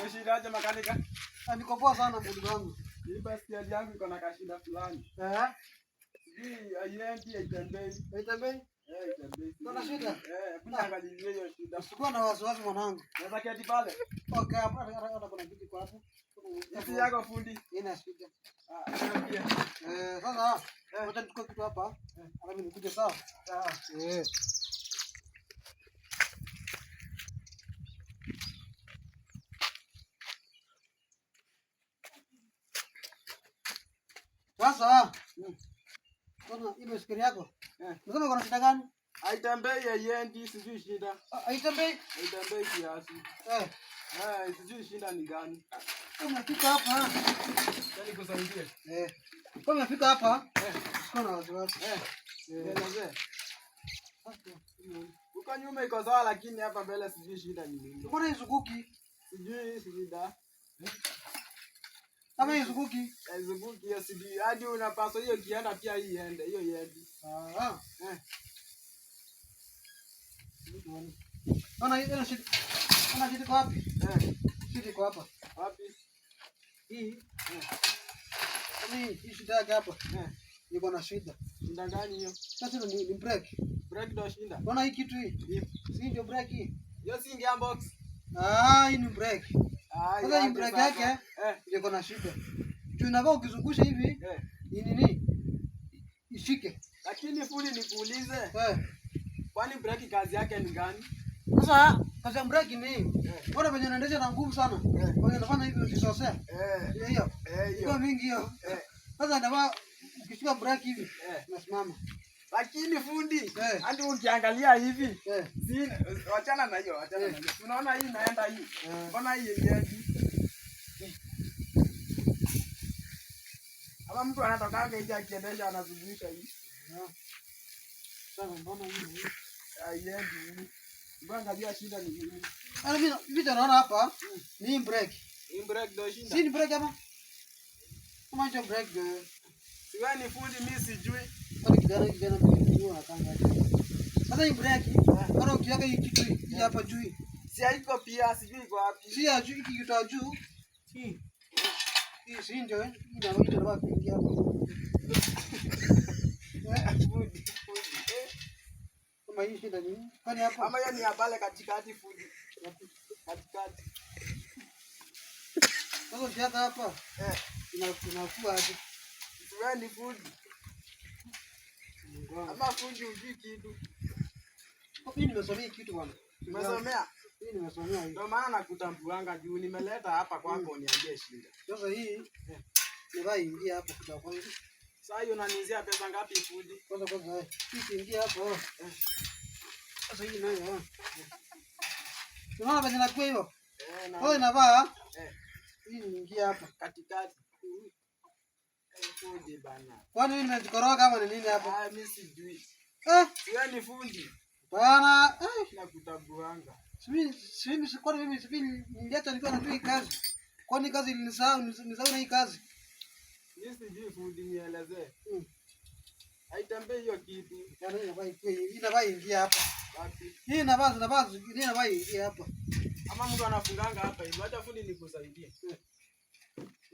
Umeshindaje makanika? Ah, Nikopoa sana mdudu wangu. Nilipa stiali yangu iko na kashinda fulani. Eh? Sijui haiendi haitembei. Haitembei? Eh, haitembei. Kuna shida? Eh, kuna angalizie ah. hiyo shida. Usikuwa na wasiwasi mwanangu. Naweza keti pale. Okay, hapa hata kuna kitu kwa hapo. Kitu yako fundi. Ina shida. Ah, pia. Eh, sasa. Eh. Wacha tuko kitu hapa. Eh. Alafu nikuje sawa. Ah. Eh. Sasa kuna ah, mm. hiyo skiri yako eh, unasema kuna shida gani? Haitembei, haiendi, sijui shida. Ah, haitembei, haitembei kiasi. Eh, eh, sijui shida ni gani? Umefika hapa, yaani ah. kusaidie. Eh, kwa umefika hapa, eh, kuna wasiwasi. Eh. eh, nieleze. Mm. Uko nyuma iko sawa, lakini hapa mbele sijui shida ni nini. Mbona izunguki? Sijui shida. Eh? Kama izunguki. Izunguki eh, ya CD. Hadi unapaswa hiyo kienda pia hii iende, hiyo iende. Ah. Eh. Ona hiyo na shidi. Ona shidi kwa wapi? Eh. Shidi iko hapa. Wapi? Hii. Eh. ni hii shida yake hapa. Eh. iko na shida. Shida gani hiyo? Sasa ni, ni break. Break ndio shida. Ona hii kitu hii. Si ndio break hii. Hiyo si ngia box. Ah, hii ni break. Ah, sasa hii brake yake ile iko na shida. Juu inafaa ukizungusha hivi eh. ni nini? Ishike. Lakini fundi nikuulize. Eh. Kwani brake kazi yake ni gani? Sasa kazi ya brake ni eh. bora venye unaendesha na nguvu sana? Eh. Kwa unafanya hivi ukisosea. Eh. Hiyo. Hiyo Kwa mingi hiyo. Sasa ndio ukishika brake hivi unasimama. Lakini fundi, eh. hadi ukiangalia hivi, eh. wachana na hiyo, wachana na hiyo. Unaona hii inaenda hii. Eh. Mbona hii yenyeji? Kama mtu anatoka nje akiendesha anazungusha hii. Sasa mbona hii? Haiendi. Mbona angalia shida ni nini? Ana mimi vitu naona hapa ni break. Ni break ndio shida. Si ni break hapa? Kama hiyo break. Siwani fundi mimi sijui kijana kijana sasa hii breki bora ukiweka hii kitu hii hapa juu si haiko pia sijui iko wapi si ya juu kitu juu hii hii si ndio ndio ndio wapi hapo kama hii shida nini kwani hapo ama hiyo ni ya pale katikati fundi katikati sasa ukiweka hapa eh inakuwa hapo wewe ni fundi ama fundi ujui kitu. Mimi nimesomea kitu bwana. Nimesomea. Mimi nimesomea hivi. Ndio maana nakutambuanga juu nimeleta hapa kwako hmm. niambie shida. Sasa hii eh. ndio ingia hapo kwa kwanza. Sasa hiyo unaniuzia pesa ngapi fundi? Kwanza kwanza. Eh. Hii ingia hapo. Eh. Sasa hii nayo. Unaona pesa inakuwa hiyo? Eh, na. Wewe inavaa? Eh. Hii ingia hapa katikati fundi bana. Kwani mnajikoroga ama ni nini hapo? Ah, mimi sijui. Eh, wewe ni fundi. Bana, eh, nakutambuanga. Mimi mimi sikwani mimi mimi niliacha nikiwa na tu kazi. Kwani kazi nilisahau nilisahau na hii kazi. Mimi sijui fundi ni alaze. Mm. Haitambe hiyo kitu. Yaani inafaa ikue inafaa ingia hapa. Wapi? Hii inafaa inafaa inafaa ingia hapa. Ama mtu anafunganga hapa hivi. Acha fundi nikusaidie. Hmm.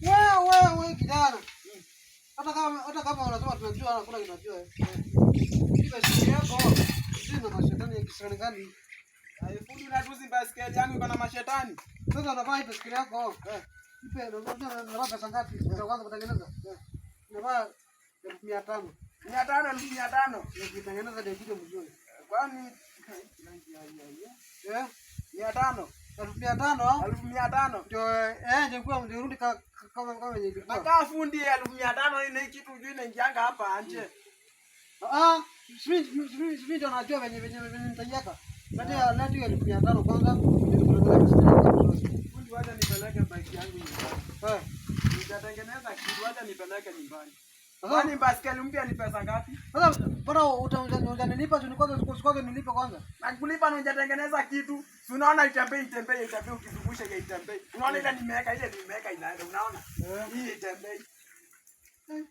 wewe wewe kijana, hata kama hata kama unasema tunajua na kuna kinajua kile shule yako zina mashetani ya kishetani gani? Haifundi na tuzi basikeli yangu iko na mashetani. Sasa unavaa hiyo basikeli yako eh. ipe unajua unavaa pesa ngapi? Ndio kwanza kutengeneza eh. unavaa mia tano mia tano elfu mia tano ukitengeneza ndio kitu mzuri, kwani eh? mia tano elfu mia tano elfu mia tano ndio eh, eh nilikuwa mdirudi kama kama yenye ilikuwa kaka fundi elfu mia tano ni kitu juu inaingianga hapa nje ah, ah simi simi simi ndo najua venye venye venye nitaiweka kati ya ah. lati elfu mia tano kwanza fundi, wacha nipeleke bike yangu nyumbani eh, nitatengeneza kitu, wacha nipeleke nyumbani. Sasa ah. ni baskeli mpya ni pesa ngapi? Sasa bora utanilipa tu kwanza nilipe kwanza. Na kulipa na hujatengeneza kitu. Si unaona itembee itembee itembee ukizungusha ile itembee. Unaona ile nimeweka ile nimeweka inaenda unaona? Eh. Hii itembee. Eh.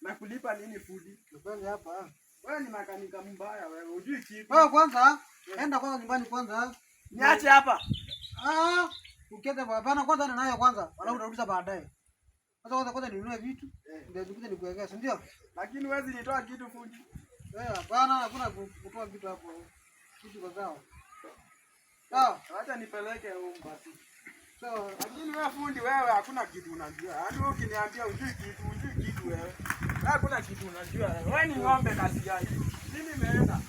Na kulipa nini fudi? Tupange hapa. Wewe ni makanika mbaya wewe. Unjui kitu. Wewe kwanza eh. enda kwanza nyumbani kwanza. Niache hapa. Ah, ukienda bwana kwanza nayo kwanza. Wala utarudisha baadaye. Sasa kwanza kwanza ninunue vitu eh. ndio nikuja nikuwekea, si ndio? Lakini huwezi nitoa kitu fujo. Eh, hapana, hakuna kutoa kitu hapo. Kitu kwa zao. Sawa, acha nipeleke huko basi. Sawa, lakini wewe fundi wewe hakuna kitu unajua. Hadi yaani wewe ukiniambia ujui kitu, ujui kitu wewe. Hakuna kitu unajua. Wewe ni ng'ombe kasi yako. Mimi nimeenda.